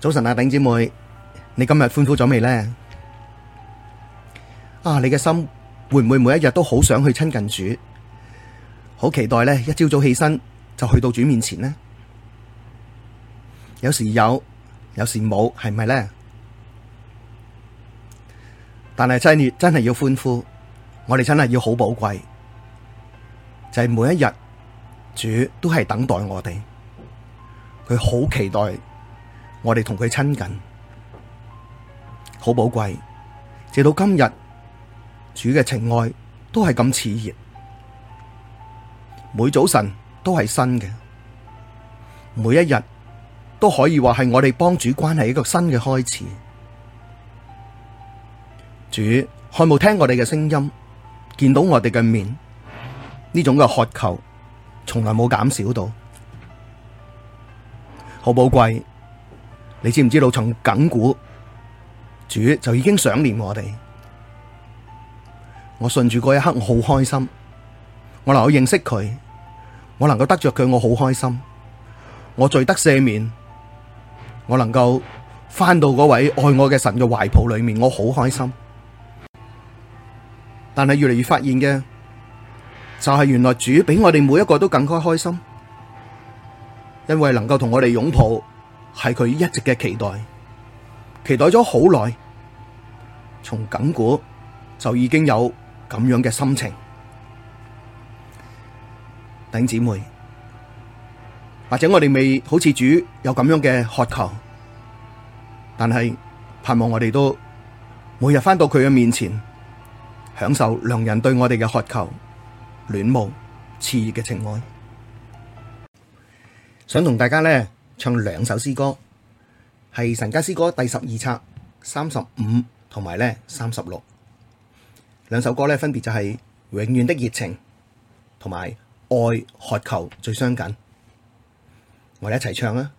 早晨啊，頂姐妹，你今日歡呼咗未呢？啊，你嘅心會唔會每一日都好想去親近主？好期待呢，一朝早起身就去到主面前呢。有時有，有時冇，係咪呢？但係真係真係要歡呼，我哋真係要好寶貴，就係每一日主都係等待我哋，佢好期待。我哋同佢親近，好寶貴。直到今日，主嘅情愛都係咁熾熱，每早晨都係新嘅，每一日都可以話係我哋幫主關係一個新嘅開始。主渴望聽我哋嘅聲音，見到我哋嘅面，呢種嘅渴求從來冇減少到，好寶貴。你知唔知道，從亙古主就已經想念我哋？我順住嗰一刻，我好開心。我能夠認識佢，我能夠得着佢，我好開心。我罪得赦免，我能夠返到嗰位愛我嘅神嘅懷抱裏面，我好開心。但係越嚟越發現嘅就係、是、原來主比我哋每一個都更加開心，因為能夠同我哋擁抱。係佢一直嘅期待，期待咗好耐，從亙古就已經有咁樣嘅心情。弟兄姊妹，或者我哋未好似主有咁樣嘅渴求，但係盼望我哋都每日翻到佢嘅面前，享受良人對我哋嘅渴求、戀慕、熾熱嘅情愛。想同大家呢，唱兩首詩歌，係《神家詩歌》第十二冊三十五同埋呢三十六兩首歌呢，分別就係、是《永遠的熱情》同埋《愛渴求最相近》。我哋一齊唱啊！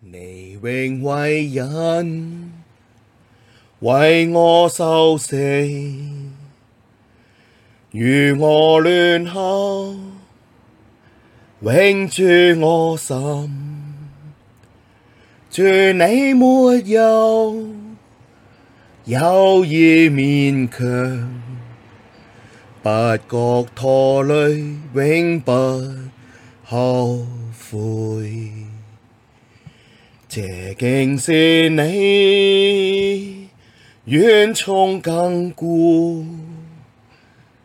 你永為人，為我受死，與我聯合，永住我心，主，祢沒有，猶疑勉強，不覺拖累，永不後悔。這竟是你遠從亙古，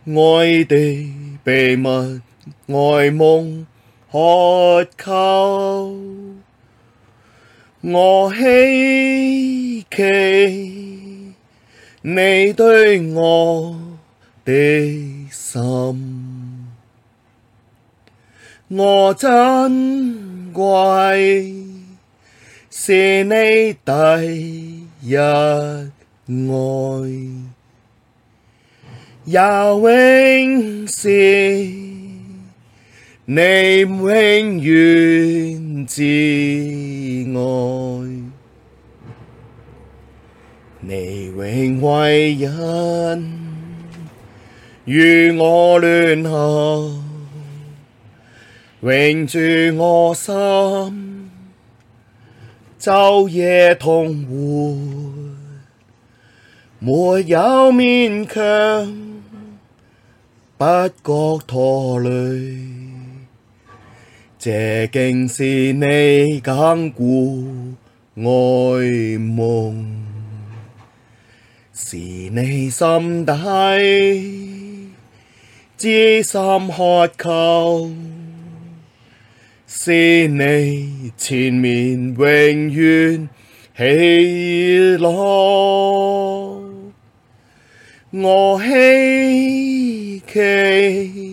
愛的秘密，愛夢，渴求，我希奇你對我的心，我珍貴是你第一愛，也永是。你永遠至愛，你永為人，與我聯合，永住我心，晝夜同活，沒有勉強，不覺拖累。這竟是你亙古愛夢，是你心底至深渴求，是你前面永遠喜樂，我希奇。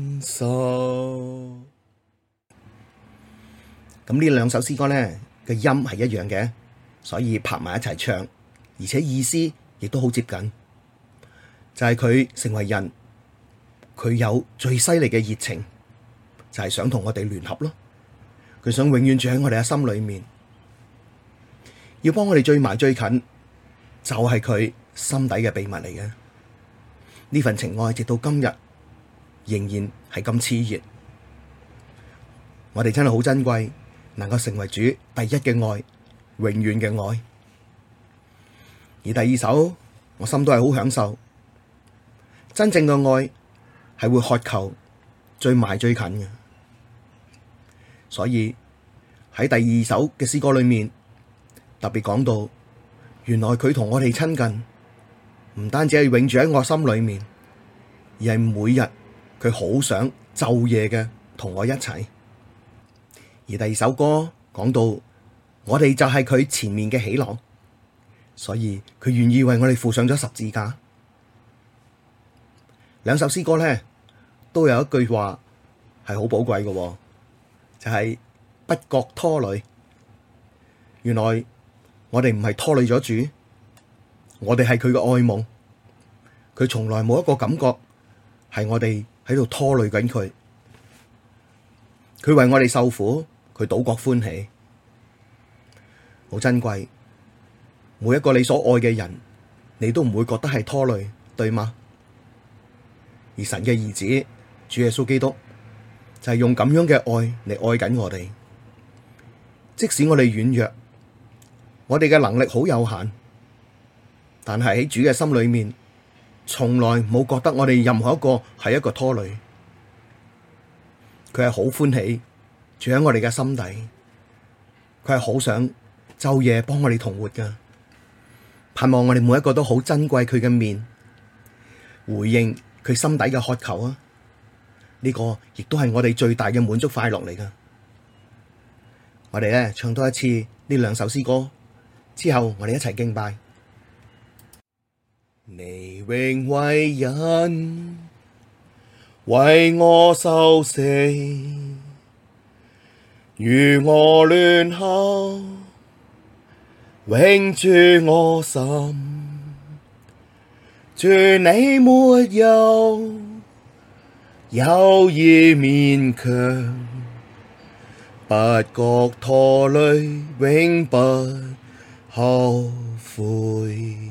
所以，咁呢兩首詩歌呢，嘅音係一樣嘅，所以拍埋一齊唱，而且意思亦都好接近。就係、是、佢成為人，佢有最犀利嘅熱情，就係、是、想同我哋聯合咯。佢想永遠住喺我哋嘅心裏面，要幫我哋最埋最近，就係、是、佢心底嘅秘密嚟嘅。呢份情愛直到今日。仍然係咁熾熱，我哋真係好珍貴，能夠成為主第一嘅愛，永遠嘅愛。而第二首，我心都係好享受。真正嘅愛係會渴求，最埋最近嘅。所以喺第二首嘅詩歌裏面，特別講到，原來佢同我哋親近，唔單止係永住喺我心裏面，而係每日。佢好想晝夜嘅同我一齊，而第二首歌講到我哋就係佢前面嘅喜樂，所以佢願意為我哋負上咗十字架。兩首詩歌呢，都有一句話係好寶貴嘅，就係、是、不覺拖累。原來我哋唔係拖累咗主，我哋係佢嘅愛夢。佢從來冇一個感覺係我哋。喺度拖累緊佢，佢為我哋受苦，佢倒國歡喜，好珍貴。每一個你所愛嘅人，你都唔會覺得係拖累，對嗎？而神嘅兒子，主耶穌基督，就係、是、用咁樣嘅愛嚟愛緊我哋。即使我哋軟弱，我哋嘅能力好有限，但係喺主嘅心裏面。從來冇覺得我哋任何一個係一個拖累，佢係好歡喜住喺我哋嘅心底，佢係好想晝夜幫我哋同活噶，盼望我哋每一個都好珍貴佢嘅面，回應佢心底嘅渴求啊！呢個亦都係我哋最大嘅滿足快樂嚟噶。我哋咧唱多一次呢兩首詩歌之後，我哋一齊敬拜。你永為人，為我受死，與我聯合，永住我心。主，祢沒有猶疑、勉強，不覺拖累，永不後悔。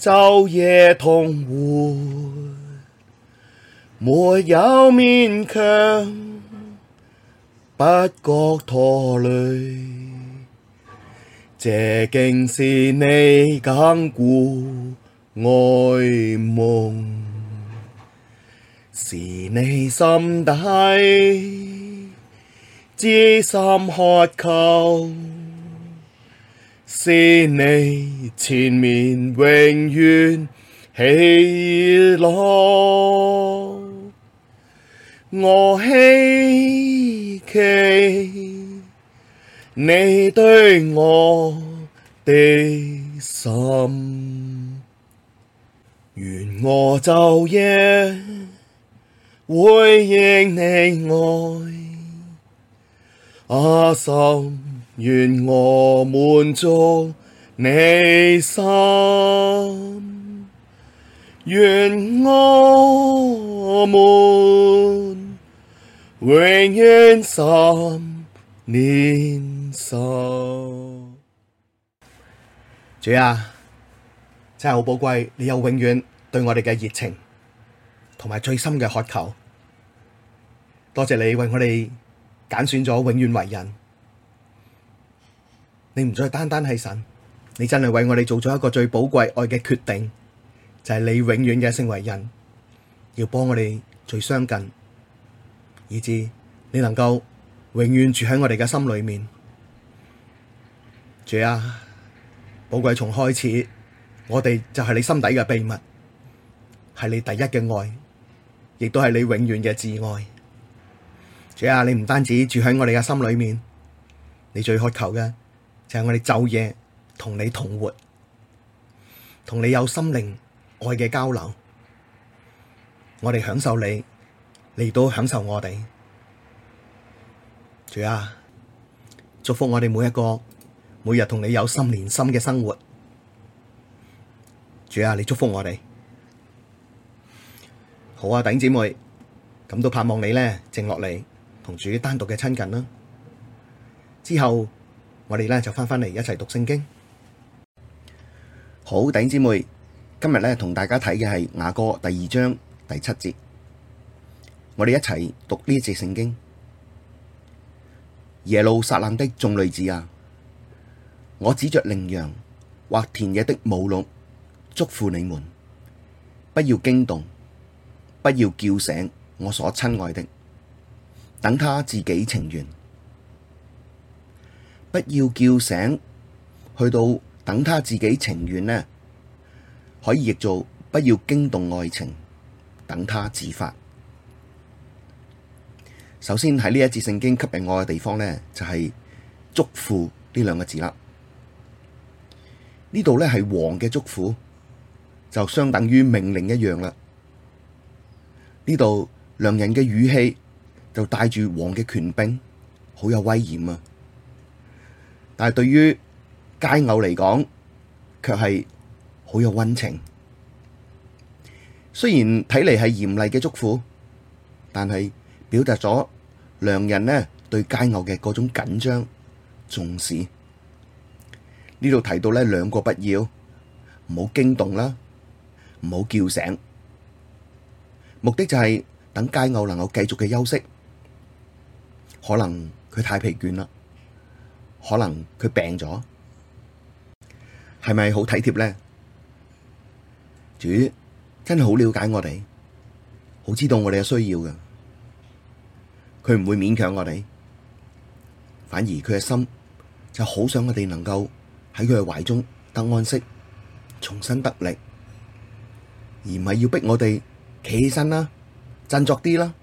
晝夜同活，沒有勉強，不覺拖累，這竟是你亙古愛夢，是你心底至深渴求。是你前面永遠喜樂，我希奇你對我的心，願我晝夜回應你愛啊，深。願我滿足你心，願我們永遠心連心。主啊，真係好寶貴，你有永遠對我哋嘅熱情，同埋最深嘅渴求。多謝你為我哋揀選咗永遠為人。你唔再單單係神，你真係為我哋做咗一個最寶貴愛嘅決定，就係、是、你永遠嘅成為人，要幫我哋最相近，以至你能夠永遠住喺我哋嘅心裏面。主啊，寶貴從開始，我哋就係你心底嘅秘密，係你第一嘅愛，亦都係你永遠嘅至愛。主啊，你唔單止住喺我哋嘅心裏面，你最渴求嘅。就係我哋晝夜同你同活，同你有心靈愛嘅交流，我哋享受你，你亦都享受我哋。主啊，祝福我哋每一個，每日同你有心連心嘅生活。主啊，你祝福我哋。好啊，弟兄姊妹，咁都盼望你呢靜落嚟同主單獨嘅親近啦。之後。我哋咧就返返嚟一齊讀聖經。好，弟兄姊妹，今日咧同大家睇嘅係雅歌第二章第七節。我哋一齊讀呢節聖經。耶路撒冷的眾女子啊，我指着羚羊或田野的母鹿，囑咐你們：不要驚動，不要叫醒我所親愛的，等他自己情願。不要叫醒，去到等他自己情願呢可以譯做，不要驚動愛情，等他自發。首先喺呢一節聖經吸引我嘅地方呢，就係、是、囑咐呢兩個字啦。呢度呢係王嘅囑咐，就相等於命令一樣啦。呢度良人嘅語氣就帶住王嘅權柄，好有威嚴啊！但係對於佳偶嚟講，卻係好有溫情。雖然睇嚟係嚴厲嘅囑咐，但係表達咗良人呢對佳偶嘅嗰種緊張重視。呢度提到呢兩個不要，唔好驚動啦，唔好叫醒，目的就係等佳偶能夠繼續嘅休息，可能佢太疲倦啦。可能佢病咗，係咪好體貼咧？主真係好了解我哋，好知道我哋嘅需要嘅，佢唔會勉強我哋，反而佢嘅心就好想我哋能夠喺佢嘅懷中得安息，重新得力，而唔係要逼我哋企起身啦，振作啲啦。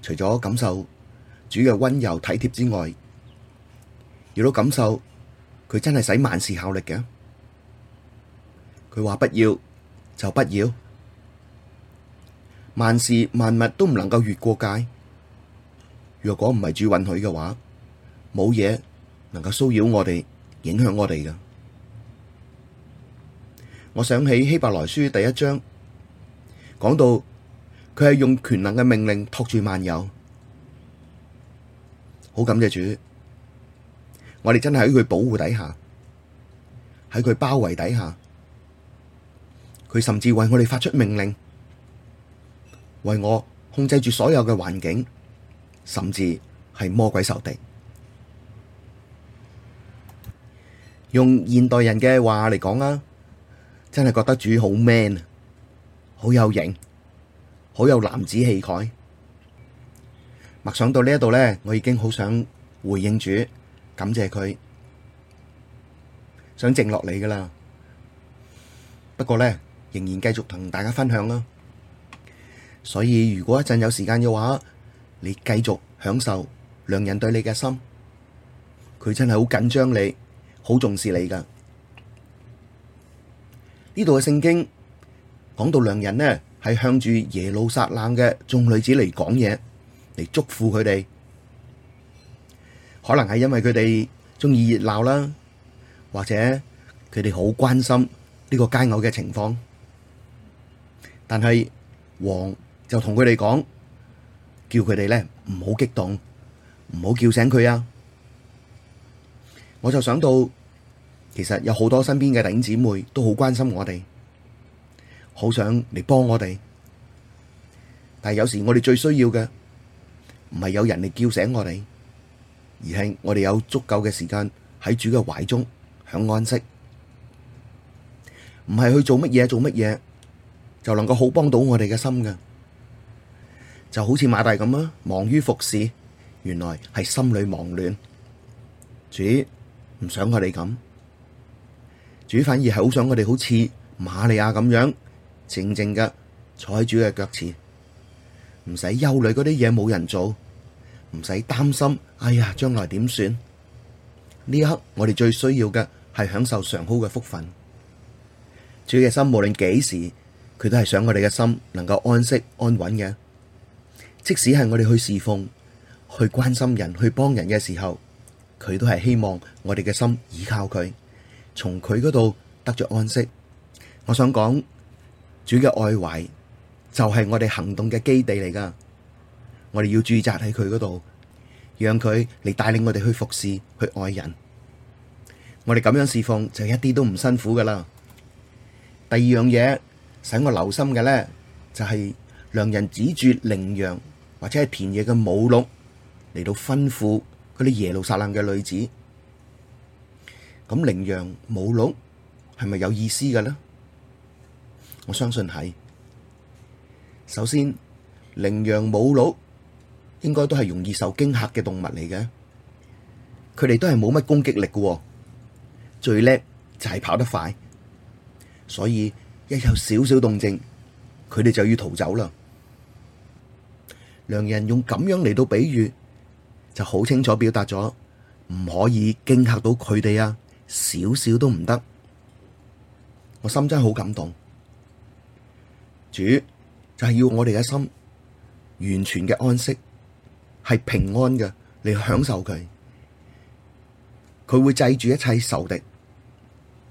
除咗感受。主嘅溫柔體貼之外，如果感受佢真係使萬事效力嘅，佢話不要就不要，萬事萬物都唔能夠越過界。若果唔係主允許嘅話，冇嘢能夠騷擾我哋、影響我哋㗎。我想起希伯來書第一章講到佢係用權能嘅命令托住萬有。好感謝主，我哋真係喺佢保護底下，喺佢包圍底下，佢甚至為我哋發出命令，為我控制住所有嘅環境，甚至係魔鬼仇敵。用現代人嘅話嚟講啊，真係覺得主好 man，好有型，好有男子氣概。默想到呢一度呢，我已經好想回應主，感謝佢，想靜落嚟噶啦。不過呢，仍然繼續同大家分享啦。所以如果一陣有時間嘅話，你繼續享受良人對你嘅心，佢真係好緊張你，好重視你噶。呢度嘅聖經講到良人呢，係向住耶路撒冷嘅眾女子嚟講嘢，嚟祝福佢哋，可能係因為佢哋中意熱鬧啦，或者佢哋好關心呢個佳偶嘅情況。但係王就同佢哋講，叫佢哋咧唔好激動，唔好叫醒佢啊！我就想到，其實有好多身邊嘅弟兄姊妹都好關心我哋，好想嚟幫我哋，但係有時我哋最需要嘅，唔係有人嚟叫醒我哋，而係我哋有足夠嘅時間喺主嘅懷中享安息。唔係去做乜嘢做乜嘢就能夠好幫到我哋嘅心嘅，就好似馬大咁啦，忙於服侍，原來係心裡忙亂。主唔想我哋咁，主反而係好想我哋好似瑪利亞咁樣，靜靜嘅坐喺主嘅腳前。唔使憂慮嗰啲嘢冇人做，唔使擔心。哎呀，將來點算？呢一刻我哋最需要嘅係享受上好嘅福分。主嘅心無論幾時，佢都係想我哋嘅心能夠安息安穩嘅。即使係我哋去侍奉、去關心人、去幫人嘅時候，佢都係希望我哋嘅心倚靠佢，從佢嗰度得着安息。我想講主嘅愛懷。就係我哋行動嘅基地嚟噶，我哋要駐紮喺佢嗰度，讓佢嚟帶領我哋去服侍、去愛人。我哋咁樣侍奉就一啲都唔辛苦噶啦。第二樣嘢使我留心嘅咧，就係良人指住羚羊或者係田野嘅母鹿嚟到吩咐佢啲耶路撒冷嘅女子，咁羚羊母鹿係咪有意思嘅咧？我相信係。首先，羚羊母鹿應該都係容易受驚嚇嘅動物嚟嘅，佢哋都係冇乜攻擊力嘅，最叻就係跑得快，所以一有少少動靜，佢哋就要逃走啦。良人用咁樣嚟到比喻，就好清楚表達咗唔可以驚嚇到佢哋啊，少少都唔得。我心真係好感動，主。就係要我哋嘅心完全嘅安息，係平安嘅嚟享受佢，佢會制住一切仇敵，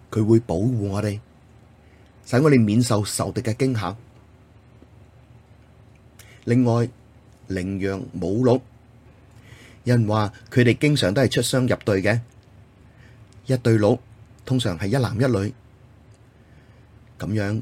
佢會保護我哋，使我哋免受仇敵嘅驚嚇。另外，羚羊母鹿，有人話佢哋經常都係出雙入對嘅，一對鹿通常係一男一女咁樣。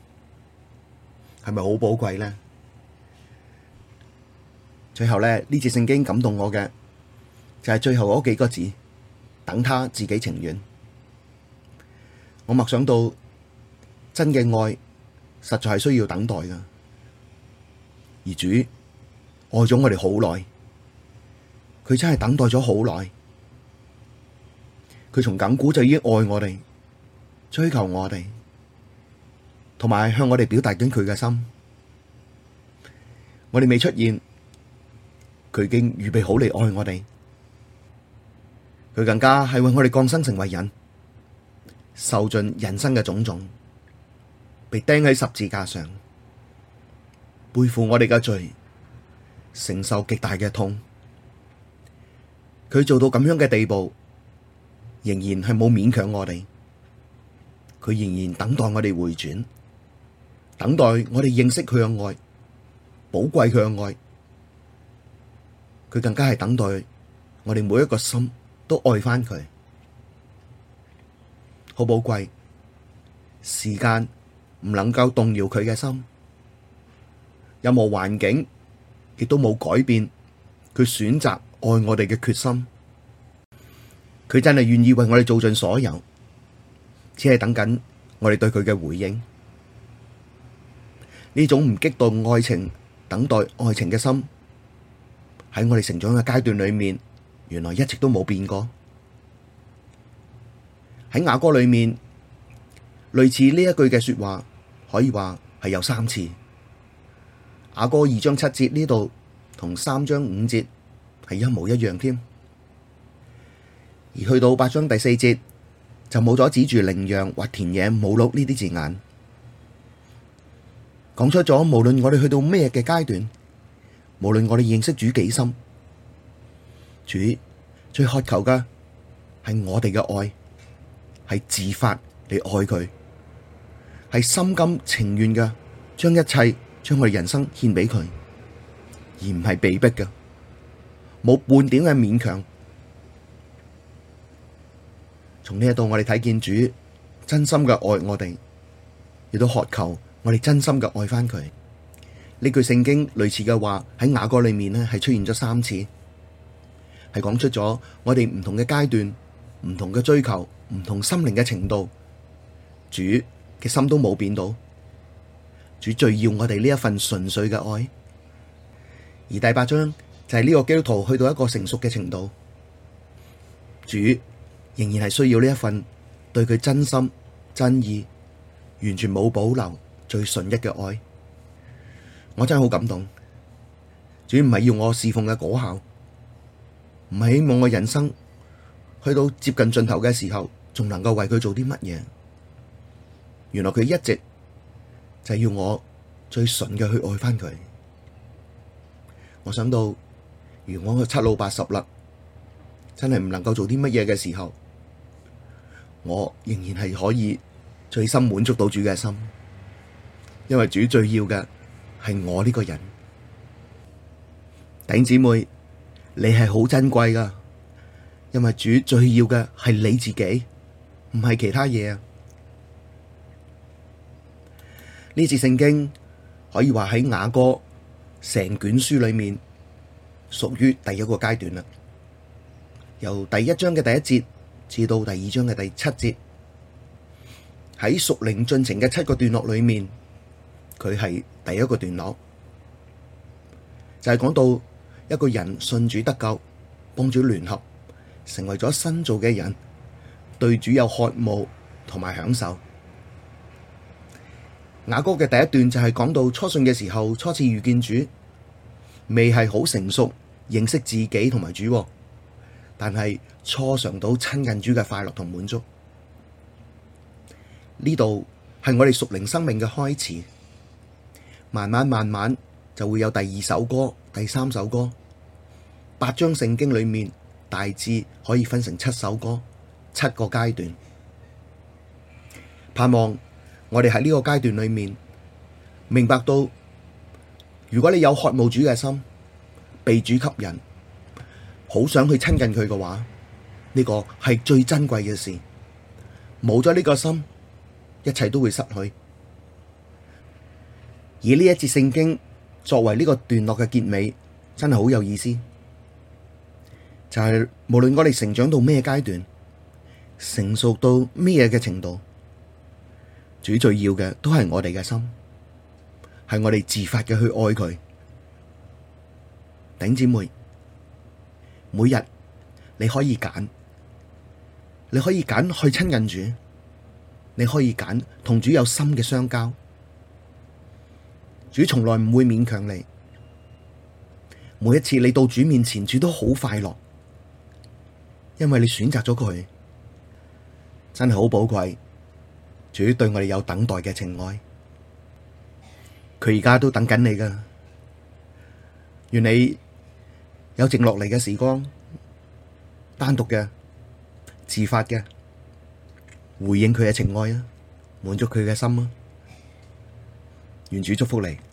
係咪好寶貴咧？最後咧，呢節聖經感動我嘅就係、是、最後嗰幾個字，等他自己情願。我默想到真嘅愛實在係需要等待噶而主愛咗我哋好耐，佢真係等待咗好耐。佢從亙古就已經愛我哋，追求我哋。同埋向我哋表達緊佢嘅心，我哋未出現，佢已經預備好嚟愛我哋。佢更加係為我哋降生成為人，受盡人生嘅種種，被釘喺十字架上，背負我哋嘅罪，承受極大嘅痛。佢做到咁樣嘅地步，仍然係冇勉強我哋，佢仍然等待我哋回轉。等待我哋認識佢嘅愛，寶貴佢嘅愛，佢更加係等待我哋每一個心都愛返佢，好寶貴。時間唔能夠動搖佢嘅心，任何環境亦都冇改變佢選擇愛我哋嘅決心。佢真係願意為我哋做盡所有，只係等緊我哋對佢嘅回應。呢種唔激動愛情、等待愛情嘅心，喺我哋成長嘅階段裏面，原來一直都冇變過。喺雅歌裏面，類似呢一句嘅說話，可以話係有三次。雅歌二章七節呢度同三章五節係一模一樣添，而去到八章第四節就冇咗指住羚羊或田野母鹿呢啲字眼。講出咗，無論我哋去到咩嘅階段，無論我哋認識主幾深，主最渴求嘅係我哋嘅愛，係自發嚟愛佢，係心甘情願嘅將一切將我哋人生獻俾佢，而唔係被逼嘅，冇半點嘅勉強。從呢一度，我哋睇見主真心嘅愛我哋，亦都渴求。我哋真心嘅愛返佢，呢句聖經類似嘅話喺雅歌裏面咧係出現咗三次，係講出咗我哋唔同嘅階段、唔同嘅追求、唔同心靈嘅程度，主嘅心都冇變到，主最要我哋呢一份純粹嘅愛。而第八章就係呢個基督徒去到一個成熟嘅程度，主仍然係需要呢一份對佢真心真意，完全冇保留。最純一嘅愛，我真係好感動。主唔係要我侍奉嘅果效，唔係希望我人生去到接近盡頭嘅時候，仲能夠為佢做啲乜嘢。原來佢一直就係要我最純嘅去愛翻佢。我想到，如果我七老八十啦，真係唔能夠做啲乜嘢嘅時候，我仍然係可以最深滿足到主嘅心。因為主最要嘅係我呢個人，頂姊妹，你係好珍貴噶因為主最要嘅係你自己，唔係其他嘢啊。呢節聖經可以話喺雅歌成卷書裏面屬於第一個階段啦。由第一章嘅第一節至到第二章嘅第七節，喺屬靈進程嘅七個段落裏面。佢係第一個段落，就係、是、講到一個人信主得救，幫主聯合，成為咗新造嘅人，對主有渴慕同埋享受。雅歌嘅第一段就係講到初信嘅時候，初次遇見主，未係好成熟認識自己同埋主，但係初嘗到親近主嘅快樂同滿足。呢度係我哋屬靈生命嘅開始。慢慢慢慢就會有第二首歌、第三首歌。八章聖經裏面大致可以分成七首歌、七個階段。盼望我哋喺呢個階段裏面明白到，如果你有渴慕主嘅心，被主吸引，好想去親近佢嘅話，呢個係最珍貴嘅事。冇咗呢個心，一切都會失去。以呢一節聖經作為呢個段落嘅結尾，真係好有意思。就係、是、無論我哋成長到咩階段，成熟到咩嘅程度，主最要嘅都係我哋嘅心，係我哋自發嘅去愛佢。頂姊妹，每日你可以揀，你可以揀去親近主，你可以揀同主有心嘅相交。主從來唔會勉強你，每一次你到主面前，主都好快樂，因為你選擇咗佢，真係好寶貴。主對我哋有等待嘅情愛，佢而家都在等緊你噶，願你有靜落嚟嘅時光，單獨嘅、自發嘅，回應佢嘅情愛啊，滿足佢嘅心啊！願主祝福你。